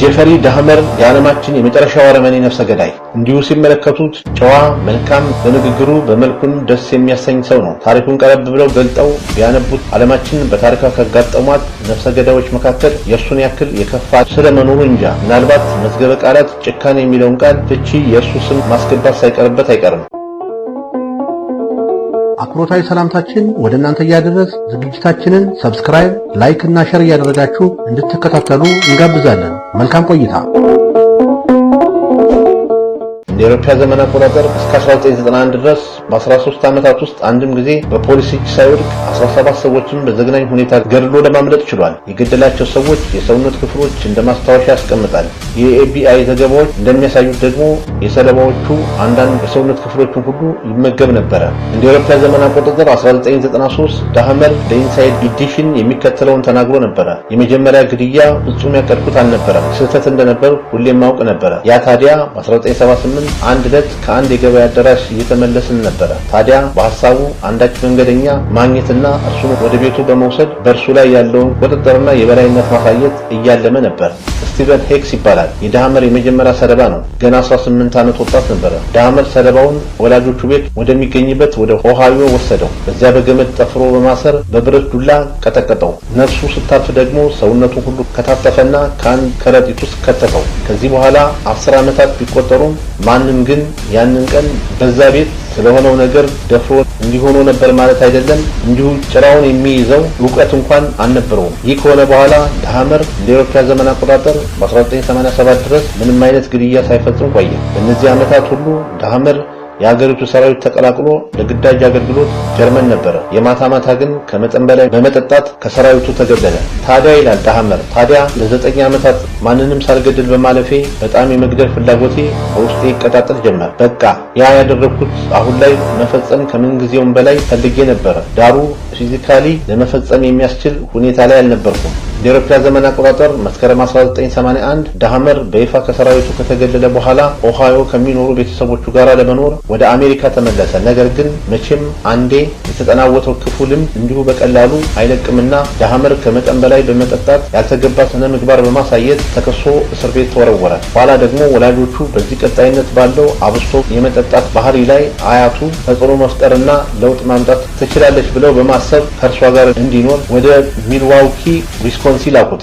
ጀፈሪ ዳህመር የዓለማችን የመጨረሻው አረመኔ ነፍሰ ገዳይ እንዲሁ ሲመለከቱት ጨዋ፣ መልካም፣ በንግግሩ በመልኩም ደስ የሚያሰኝ ሰው ነው። ታሪኩን ቀረብ ብለው ገልጠው ቢያነቡት ዓለማችን በታሪኳ ካጋጠሟት ነፍሰ ገዳዮች መካከል የእርሱን ያክል የከፋ ስለመኖሩ እንጃ። ምናልባት መዝገበ ቃላት ጭካኔ የሚለውን ቃል ፍቺ የእርሱ ስም ማስገባት ሳይቀርበት አይቀርም። አክብሮታዊ ሰላምታችን ወደ እናንተ እያደረስ ዝግጅታችንን ሰብስክራይብ፣ ላይክ እና ሸር እያደረጋችሁ እንድትከታተሉ እንጋብዛለን። መልካም ቆይታ እንደ አውሮፓ ዘመን አቆጣጠር እስከ 1991 ድረስ በ13 ዓመታት ውስጥ አንድም ጊዜ በፖሊስ እጅ ሳይወድቅ 17 ሰዎችን በዘግናኝ ሁኔታ ገድሎ ለማምለጥ ችሏል። የገደላቸው ሰዎች የሰውነት ክፍሎች እንደ ማስታወሻ ያስቀምጣል። የኤቢአይ ዘገባዎች እንደሚያሳዩት ደግሞ የሰለባዎቹ አንዳንድ የሰውነት ክፍሎችን ሁሉ ይመገብ ነበረ። እንደ አውሮፓ ዘመን አቆጣጠር 1993 ዳህመር ለኢንሳይድ ኤዲሽን የሚከተለውን ተናግሮ ነበረ። የመጀመሪያ ግድያ ፍጹም ያቀድኩት አልነበረም፣ ስህተት እንደነበር ሁሌም ማውቅ ነበረ። ያ ታዲያ በ1978 አንድ ዕለት ከአንድ የገበያ አዳራሽ እየተመለስን ነበረ። ታዲያ በሀሳቡ አንዳች መንገደኛ ማግኘትና እርሱን ወደ ቤቱ በመውሰድ በእርሱ ላይ ያለውን ቁጥጥርና የበላይነት ማሳየት እያለመ ነበር። ስቲቨን ሄክስ ይባላል። የዳሃመር የመጀመሪያ ሰለባ ነው። ገና 18 ዓመት ወጣት ነበረ። ዳህመር ሰለባውን ወላጆቹ ቤት ወደሚገኝበት ወደ ኦሃዮ ወሰደው። በዚያ በገመድ ጠፍሮ በማሰር በብረት ዱላ ቀጠቀጠው። ነፍሱ ስታርፍ ደግሞ ሰውነቱን ሁሉ ከታጠፈና ከአንድ ከረጢት ውስጥ ከተተው። ከዚህ በኋላ አስር ዓመታት ቢቆጠሩም ማንም ግን ያንን ቀን በዛ ቤት ስለሆነው ነገር ደፍሮ እንዲሆኖ ነበር ማለት አይደለም። እንዲሁ ጭራውን የሚይዘው እውቀት እንኳን አልነበረውም። ይህ ከሆነ በኋላ ዳህመር ለኤሮፓ ዘመን አቆጣጠር በ1987 ድረስ ምንም አይነት ግድያ ሳይፈጽም ቆየ። በእነዚህ ዓመታት ሁሉ ዳህመር የሀገሪቱ ሰራዊት ተቀላቅሎ ለግዳጅ አገልግሎት ጀርመን ነበረ። የማታ ማታ ግን ከመጠን በላይ በመጠጣት ከሰራዊቱ ተገደለ። ታዲያ ይላል ዳሀመር፣ ታዲያ ለዘጠኝ ዓመታት ማንንም ሳልገድል በማለፌ በጣም የመግደል ፍላጎቴ በውስጤ ይቀጣጠል ጀመር። በቃ ያ ያደረግኩት አሁን ላይ መፈጸም ከምንጊዜውም በላይ ፈልጌ ነበረ። ዳሩ ፊዚካሊ ለመፈጸም የሚያስችል ሁኔታ ላይ አልነበርኩም። እንደ ዘመን አቆጣጠር መስከረም 1981 ዳሃመር በይፋ ከሰራዊቱ ከተገለለ በኋላ ኦሃዮ ከሚኖሩ ቤተሰቦቹ ጋር ለመኖር ወደ አሜሪካ ተመለሰ። ነገር ግን መቼም አንዴ የተጠናወተው ክፉ ልምድ እንዲሁ በቀላሉ አይለቅምና ዳሃመር ከመጠን በላይ በመጠጣት ያልተገባ ስነ ምግባር በማሳየት ተከሶ እስር ቤት ተወረወረ። በኋላ ደግሞ ወላጆቹ በዚህ ቀጣይነት ባለው አብሶ የመጠጣት ባህሪ ላይ አያቱ ተጽዕኖ መፍጠርና ለውጥ ማምጣት ትችላለች ብለው በማሰብ ከእርሷ ጋር እንዲኖር ወደ ሚልዋውኪ ዊስኮ ኮንሲል አውቁት።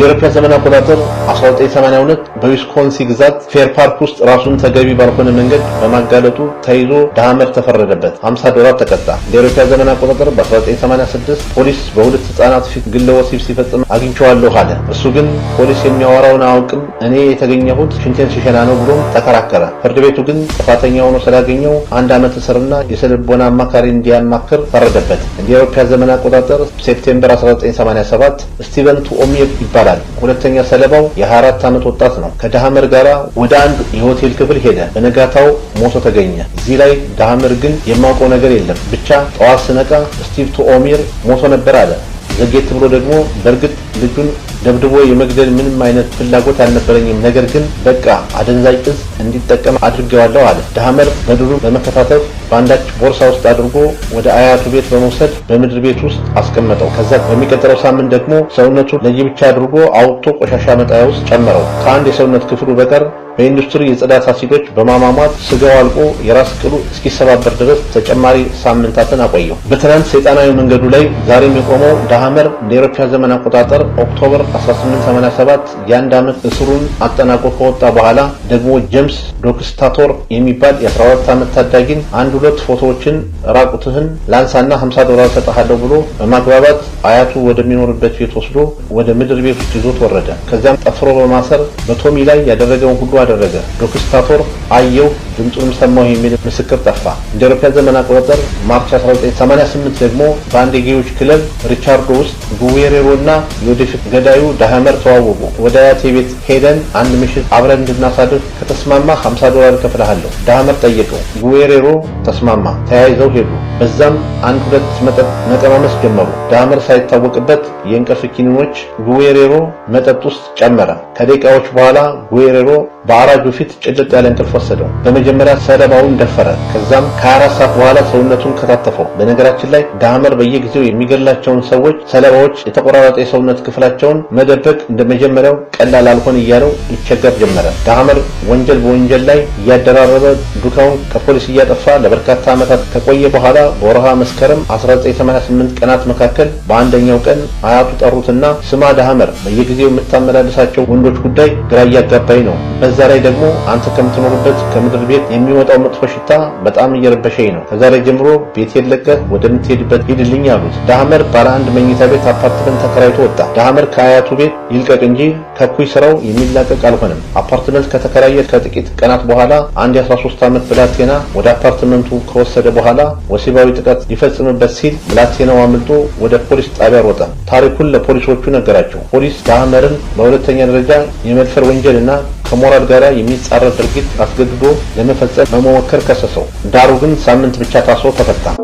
እንደ አውሮፓውያን ዘመን አቆጣጠር 1982 በዊስኮንሲ ግዛት ፌር ፓርክ ውስጥ ራሱን ተገቢ ባልሆነ መንገድ በማጋለጡ ተይዞ ዳመር ተፈረደበት፣ 50 ዶላር ተቀጣ። እንደ አውሮፓውያን ዘመን አቆጣጠር በ1986 ፖሊስ በሁለት ህፃናት ፊት ግለ ወሲብ ሲፈጽም አግኝቸዋለሁ አለ። እሱ ግን ፖሊስ የሚያወራውን አያውቅም፣ እኔ የተገኘሁት ሽንቴን ሲሸና ነው ብሎም ተከራከረ። ፍርድ ቤቱ ግን ጥፋተኛ ሆኖ ስላገኘው አንድ ዓመት እስርና የስነልቦና አማካሪ እንዲያማክር ፈረደበት። እንደ አውሮፓውያን ዘመን አቆጣጠር ሴፕቴምበር 1987 ስቲቨን ቱኦሚ ይባላል ይባላል። ሁለተኛ ሰለባው የ24 ዓመት ወጣት ነው። ከዳህመር ጋር ወደ አንድ የሆቴል ክፍል ሄደ። በነጋታው ሞቶ ተገኘ። እዚህ ላይ ዳሃመር ግን የማውቀው ነገር የለም ብቻ ጠዋት ስነቃ ስቲቭ ቱ ኦሚር ሞቶ ነበር አለ። ዘጌት ብሎ ደግሞ በእርግጥ ልጁን ደብድቦ የመግደል ምንም አይነት ፍላጎት አልነበረኝም። ነገር ግን በቃ አደንዛዥ እጽ እንዲጠቀም አድርገዋለሁ አለ። ዳህመር በድሩ በመከታተል በአንዳች ቦርሳ ውስጥ አድርጎ ወደ አያቱ ቤት በመውሰድ በምድር ቤት ውስጥ አስቀመጠው። ከዛ በሚቀጥለው ሳምንት ደግሞ ሰውነቱ ለየብቻ አድርጎ አውጥቶ ቆሻሻ መጣያ ውስጥ ጨመረው። ከአንድ የሰውነት ክፍሉ በቀር በኢንዱስትሪ የጽዳት አሲዶች በማሟሟት ስጋው አልቆ የራስ ቅሉ እስኪሰባበር ድረስ ተጨማሪ ሳምንታትን አቆየው። በትናንት ሰይጣናዊ መንገዱ ላይ ዛሬም የቆመው ዳሃመር እንደ አውሮፓ ዘመን አቆጣጠር ኦክቶበር 1887 የአንድ ዓመት እስሩን አጠናቆ ከወጣ በኋላ ደግሞ ጀምስ ዶክስታቶር የሚባል የ12 ዓመት ታዳጊን አንድ ሁለት ፎቶዎችን ራቁትህን ለአንሳና 50 ዶላር ሰጠሃለሁ ብሎ በማግባባት አያቱ ወደሚኖርበት ቤት ወስዶ ወደ ምድር ቤት ውስጥ ይዞት ወረደ። ከዚያም ጠፍሮ በማሰር በቶሚ ላይ ያደረገውን ሁሉ አደረገ። ዶክስታቶር አየው ድምፁንም ሰማሁ የሚል ምስክር ጠፋ። እንደ አውሮፓውያን ዘመን አቆጣጠር ማርች 1988 ደግሞ በአንድ የጌዎች ክለብ ሪቻርዶ ውስጥ ጉዌሬሮና ዮዲፍት ገዳዩ ዳህመር ተዋወቁ። ወደ አያቴ ቤት ሄደን አንድ ምሽት አብረን እንድናሳድር ከተስማማ 50 ዶላር እከፍልሃለሁ ዳህመር ጠየቀው። ጉዌሬሮ ተስማማ። ተያይዘው ሄዱ። በዛም አንድ ሁለት መጠጥ መቀማመስ ጀመሩ። ዳህመር ሳይታወቅበት የእንቅልፍ ኪኒኖች ጉዌሬሮ መጠጥ ውስጥ ጨመረ። ከደቂቃዎች በኋላ ጉዌሬሮ በአራጁ ፊት ጭልጥ ያለ እንቅልፍ ወሰደው። በመጀመሪያ ሰለባውን ደፈረ። ከዛም ከአራት ሰዓት በኋላ ሰውነቱን ከታተፈው። በነገራችን ላይ ዳህመር በየጊዜው የሚገድላቸውን ሰዎች ሰለባዎች የተቆራረጠ የሰውነት የሃይማኖት ክፍላቸውን መደበቅ እንደመጀመሪያው ቀላል አልሆን እያለው ይቸገር ጀመረ። ዳህመር ወንጀል በወንጀል ላይ እያደራረበ ዱካውን ከፖሊስ እያጠፋ ለበርካታ ዓመታት ከቆየ በኋላ በወርሃ መስከረም 1988 ቀናት መካከል በአንደኛው ቀን አያቱ ጠሩትና ስማ ዳህመር፣ በየጊዜው የምታመላልሳቸው ወንዶች ጉዳይ ግራ እያጋባኝ ነው። በዛ ላይ ደግሞ አንተ ከምትኖርበት ከምድር ቤት የሚወጣው መጥፎ ሽታ በጣም እየረበሸኝ ነው። ከዛሬ ጀምሮ ቤት የለቀ ወደምትሄድበት ሂድልኝ አሉት። ዳህመር ባለ አንድ መኝታ ቤት አፓርትመንት ተከራይቶ ወጣ። ዳህመር ከአያቱ ቤት ይልቀቅ እንጂ ከኩይ ስራው የሚላቀቅ አልሆነም። አፓርትመንት ከተከራየ ከጥቂት ቀናት በኋላ አንድ የ13 ዓመት ብላቴና ወደ አፓርትመንቱ ከወሰደ በኋላ ወሲባዊ ጥቃት ሊፈጽምበት ሲል ብላቴናው አምልጦ ወደ ፖሊስ ጣቢያ ሮጠ። ታሪኩን ለፖሊሶቹ ነገራቸው። ፖሊስ ዳህመርን በሁለተኛ ደረጃ የመድፈር ወንጀልና ከሞራል ጋር የሚጻረር ድርጊት አስገድዶ ለመፈጸም በመሞከር ከሰሰው። ዳሩ ግን ሳምንት ብቻ ታስሮ ተፈታ።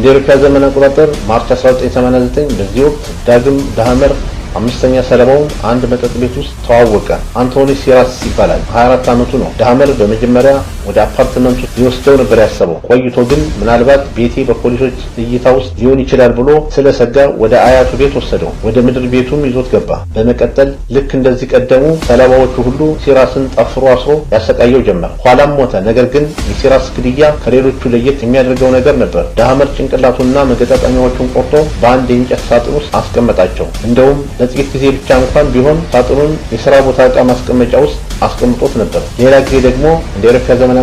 እንደ አውሮፓ ዘመን አቆጣጠር ማርች 1989 በዚህ ወቅት ዳግም ዳህመር አምስተኛ ሰለባውን አንድ መጠጥ ቤት ውስጥ ተዋወቀ። አንቶኒ ሲራስ ይባላል። 24 ዓመቱ ነው። ዳህመር በመጀመሪያ ወደ አፓርትመንቱ ሊወስደው ነበር ያሰበው። ቆይቶ ግን ምናልባት ቤቴ በፖሊሶች እይታ ውስጥ ሊሆን ይችላል ብሎ ስለሰጋ ወደ አያቱ ቤት ወሰደው። ወደ ምድር ቤቱም ይዞት ገባ። በመቀጠል ልክ እንደዚህ ቀደሙ ሰለባዎቹ ሁሉ ሲራስን ጠፍሮ አስሮ ያሰቃየው ጀመር። ኋላም ሞተ። ነገር ግን የሲራስ ግድያ ከሌሎቹ ለየት የሚያደርገው ነገር ነበር። ዳህመር ጭንቅላቱና መገጣጠሚያዎቹን ቆርጦ በአንድ የእንጨት ሳጥን ውስጥ አስቀመጣቸው። እንደውም ለጥቂት ጊዜ ብቻ እንኳን ቢሆን ሳጥኑን የስራ ቦታ እቃ ማስቀመጫ ውስጥ አስቀምጦት ነበር። ሌላ ጊዜ ደግሞ እንደ ኤሮፓ ዘመን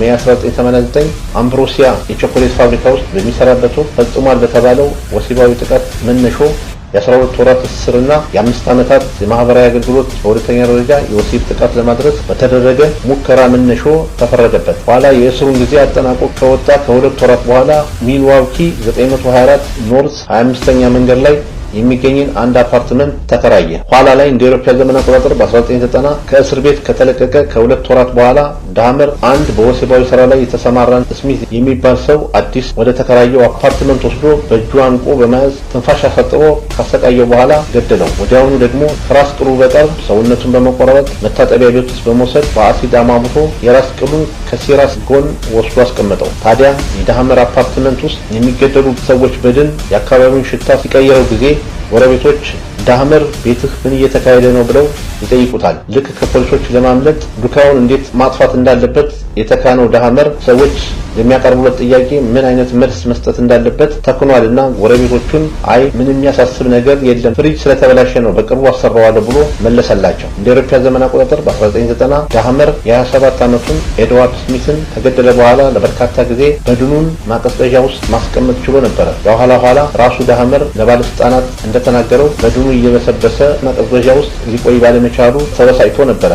ሜ 1989 አምብሮሲያ የቾኮሌት ፋብሪካ ውስጥ በሚሰራበት ወቅት ፈጽሟል በተባለው ወሲባዊ ጥቃት መነሾ የ12 ወራት እስርና የአምስት ዓመታት የማህበራዊ አገልግሎት በሁለተኛ ደረጃ የወሲብ ጥቃት ለማድረስ በተደረገ ሙከራ መነሾ ተፈረደበት። በኋላ የእስሩን ጊዜ አጠናቆ ከወጣ ከሁለት ወራት በኋላ ሚልዋውኪ 924 ኖርስ 25ኛ መንገድ ላይ የሚገኝን አንድ አፓርትመንት ተከራየ። ኋላ ላይ እንደ አውሮፓውያን ዘመን አቆጣጠር በ1990 ከእስር ቤት ከተለቀቀ ከሁለት ወራት በኋላ ዳህመር አንድ በወሲባዊ ስራ ላይ የተሰማራን ስሚት የሚባል ሰው አዲስ ወደ ተከራየው አፓርትመንት ወስዶ በእጁ አንቆ በመያዝ ትንፋሽ አሳጥቦ ካሰቃየው በኋላ ገደለው። ወዲያውኑ ደግሞ ከራስ ቅሉ በቀር ሰውነቱን በመቆራረጥ መታጠቢያ ቤት ውስጥ በመውሰድ በአሲድ አማምቶ የራስ ቅሉን ከሲራስ ጎን ወስዶ አስቀመጠው። ታዲያ የዳህመር አፓርትመንት ውስጥ የሚገደሉ ሰዎች በድን የአካባቢውን ሽታ ሲቀየረው ጊዜ ጎረቤቶች ዳህመር ቤትህ ምን እየተካሄደ ነው ብለው ይጠይቁታል። ልክ ከፖሊሶች ለማምለጥ ዱካውን እንዴት ማጥፋት እንዳለበት የተካነው ዳሃመር ሰዎች የሚያቀርቡበት ጥያቄ ምን አይነት መልስ መስጠት እንዳለበት ተክኗል እና ጎረቤቶቹን አይ ምን የሚያሳስብ ነገር የለም ፍሪጅ ስለተበላሸ ነው በቅርቡ አሰራዋለሁ ብሎ መለሰላቸው። እንደ አውሮፓ ዘመን አቆጣጠር በ1990 ዳሃመር የ27 ዓመቱን ኤድዋርድ ስሚትን ከገደለ በኋላ ለበርካታ ጊዜ በድኑን ማቀዝቀዣ ውስጥ ማስቀመጥ ችሎ ነበረ። በኋላ ኋላ ራሱ ዳሃመር ለባለስልጣናት እንደተናገረው በድኑ እየበሰበሰ ማቀዝቀዣ ውስጥ ሊቆይ ባለመቻሉ ተበሳጭቶ ነበረ።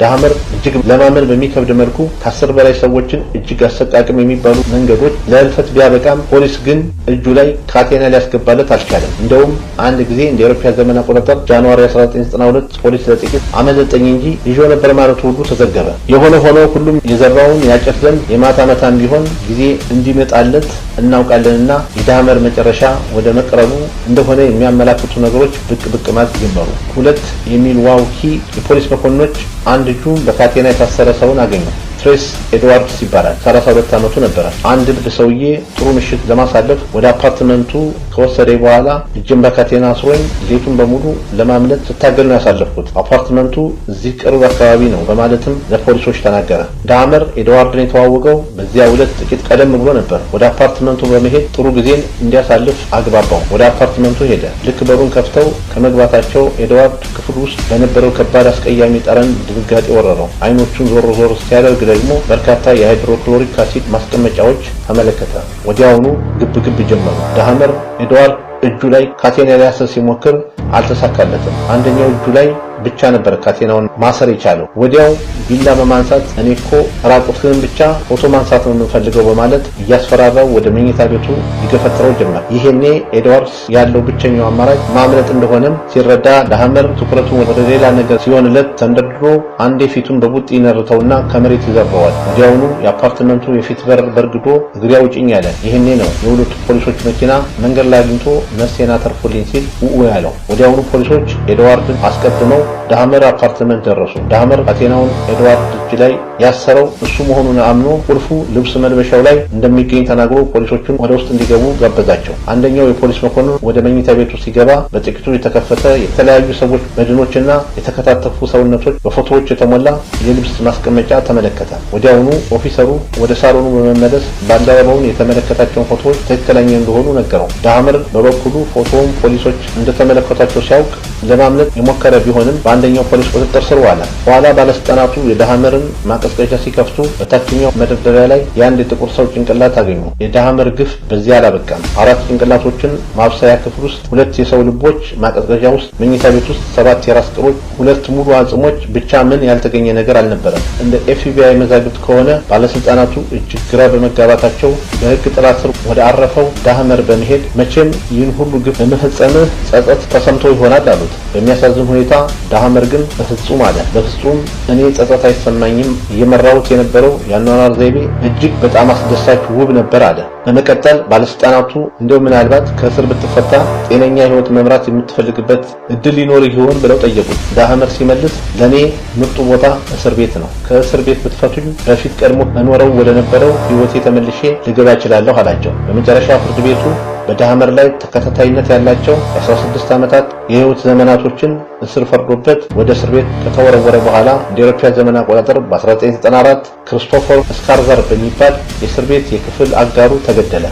ዳህመር እጅግ ለማመን በሚከብድ መልኩ ከአስር በላይ ሰዎችን እጅግ አሰቃቅም የሚባሉ መንገዶች ለህልፈት ቢያበቃም ፖሊስ ግን እጁ ላይ ካቴና ሊያስገባለት አልቻለም። እንደውም አንድ ጊዜ እንደ አውሮፓ ዘመን አቆጣጠር ጃንዋሪ 1992 ፖሊስ ለጥቂት አመለጠኝ እንጂ ይዤው ነበር ማለቱ ሁሉ ተዘገበ። የሆነ ሆኖ ሁሉም የዘራውን ያጨድ ዘንድ የማታ መታም ቢሆን ጊዜ እንዲመጣለት እናውቃለንና የዳህመር መጨረሻ ወደ መቅረቡ እንደሆነ የሚያመላክቱ ነገሮች ብቅ ብቅ ማለት ጀመሩ። ሁለት የሚል ዋውኪ የፖሊስ መኮንኖች አንድ ልጁ በካቴና የታሰረ ሰውን አገኘው። ስትሬስ ኤድዋርድስ ይባላል። 32 ዓመቱ ነበረ። አንድ እብድ ሰውዬ ጥሩ ምሽት ለማሳለፍ ወደ አፓርትመንቱ ከወሰደ በኋላ እጅን በካቴና አስሮኝ ሌቱን በሙሉ ለማምለጥ ስታገል ነው ያሳለፍኩት። አፓርትመንቱ እዚህ ቅርብ አካባቢ ነው በማለትም ለፖሊሶች ተናገረ። ዳመር ኤድዋርድን የተዋወቀው በዚያ ሁለት ጥቂት ቀደም ብሎ ነበር። ወደ አፓርትመንቱ በመሄድ ጥሩ ጊዜን እንዲያሳልፍ አግባባው። ወደ አፓርትመንቱ ሄደ። ልክ በሩን ከፍተው ከመግባታቸው ኤድዋርድ ክፍል ውስጥ በነበረው ከባድ አስቀያሚ ጠረን ድንጋጤ ወረረው። አይኖቹን ዞሮ ዞር ሲያደርግ ደግሞ በርካታ የሃይድሮክሎሪክ አሲድ ማስቀመጫዎች ተመለከተ። ወዲያውኑ ግብግብ ጀመሩ። ዳሃመር ኤድዋርድ እጁ ላይ ካቴና ሊያስር ሲሞክር አልተሳካለትም። አንደኛው እጁ ላይ ብቻ ነበር ካቴናውን ማሰር የቻለው። ወዲያው ቢላ በማንሳት እኔ እኮ ራቁትህን ብቻ ፎቶ ማንሳት ነው የምንፈልገው በማለት እያስፈራራው ወደ መኝታ ቤቱ ይገፈትረው ጀመር። ይሄኔ ኤድዋርድስ ያለው ብቸኛው አማራጭ ማምለጥ እንደሆነም ሲረዳ ለሀመር ትኩረቱን ወደ ሌላ ነገር ሲሆንለት ተንደ አድርጎ አንዴ ፊቱን በቡጥ ይነርተውና ከመሬት ይዘርበዋል። ወዲያውኑ የአፓርትመንቱ የፊት በር በርግዶ እግሬ አውጭኝ ያለ። ይህኔ ነው የሁለቱ ፖሊሶች መኪና መንገድ ላይ አግኝቶ ነፍሴን ተርፎልኝ ሲል ውኡ ያለው። ወዲያውኑ ፖሊሶች ኤድዋርድን አስቀድመው ዳህመር አፓርትመንት ደረሱ። ዳህመር ካቴናውን ኤድዋርድ እጅ ላይ ያሰረው እሱ መሆኑን አምኖ ቁልፉ ልብስ መልበሻው ላይ እንደሚገኝ ተናግሮ ፖሊሶቹን ወደ ውስጥ እንዲገቡ ጋበዛቸው። አንደኛው የፖሊስ መኮንን ወደ መኝታ ቤቱ ሲገባ በጥቂቱ የተከፈተ የተለያዩ ሰዎች መድኖችና የተከታተፉ ሰውነቶች በፎቶዎች የተሞላ የልብስ ማስቀመጫ ተመለከተ። ወዲያውኑ ኦፊሰሩ ወደ ሳሎኑ በመመለስ ባልደረባውን የተመለከታቸውን ፎቶዎች ትክክለኛ እንደሆኑ ነገረው። ዳህምር በበኩሉ ፎቶውን ፖሊሶች እንደተመለከቷቸው ሲያውቅ ለማምለጥ የሞከረ ቢሆንም በአንደኛው ፖሊስ ቁጥጥር ስር ዋለ። በኋላ ባለስልጣናቱ የዳህምርን ማቀዝቀዣ ሲከፍቱ በታችኛው መደርደሪያ ላይ የአንድ የጥቁር ሰው ጭንቅላት አገኙ። የዳህምር ግፍ በዚያ አላበቃም። አራት ጭንቅላቶችን ማብሰያ ክፍል ውስጥ፣ ሁለት የሰው ልቦች ማቀዝቀዣ ውስጥ፣ መኝታ ቤት ውስጥ ሰባት የራስ ቅሎች፣ ሁለት ሙሉ አጽሞች ብቻ ምን ያልተገኘ ነገር አልነበረም። እንደ ኤፍቢአይ መዛግብት ከሆነ ባለስልጣናቱ እጅግ ግራ በመጋባታቸው በህግ ጥላ ስር ወደ አረፈው ዳህመር በመሄድ መቼም ይህን ሁሉ ግፍ በመፈጸምህ ጸጸት ተሰምቶ ይሆናል አሉት። በሚያሳዝን ሁኔታ ዳህመር ግን በፍጹም አለ፣ በፍጹም እኔ ጸጸት አይሰማኝም። እየመራሁት የነበረው የአኗኗር ዘይቤ እጅግ በጣም አስደሳች ውብ ነበር አለ። በመቀጠል ባለስልጣናቱ እንደው ምናልባት ከእስር ብትፈታ ጤነኛ ህይወት መምራት የምትፈልግበት እድል ሊኖር ይሆን ብለው ጠየቁት። ዳህመር ሲመልስ ለእኔ ምርጡ ቦታ እስር ቤት ነው። ከእስር ቤት ብትፈቱኝ በፊት ቀድሞ መኖረው ወደ ነበረው ህይወቴ ተመልሼ ልገባ እችላለሁ አላቸው። በመጨረሻ ፍርድ ቤቱ በዳህመር ላይ ተከታታይነት ያላቸው 16 ዓመታት የህይወት ዘመናቶችን እስር ፈርዶበት ወደ እስር ቤት ከተወረወረ በኋላ እንደ አውሮፓ ዘመን አቆጣጠር በ1994 ክርስቶፈር ስካርዘር በሚባል የእስር ቤት የክፍል አጋሩ ተገደለ።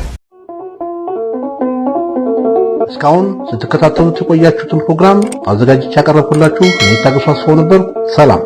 እስካሁን ስትከታተሉት የቆያችሁትን ፕሮግራም አዘጋጅቼ ያቀረብኩላችሁ እኔ ታገሱ አስፋው ነበር። ሰላም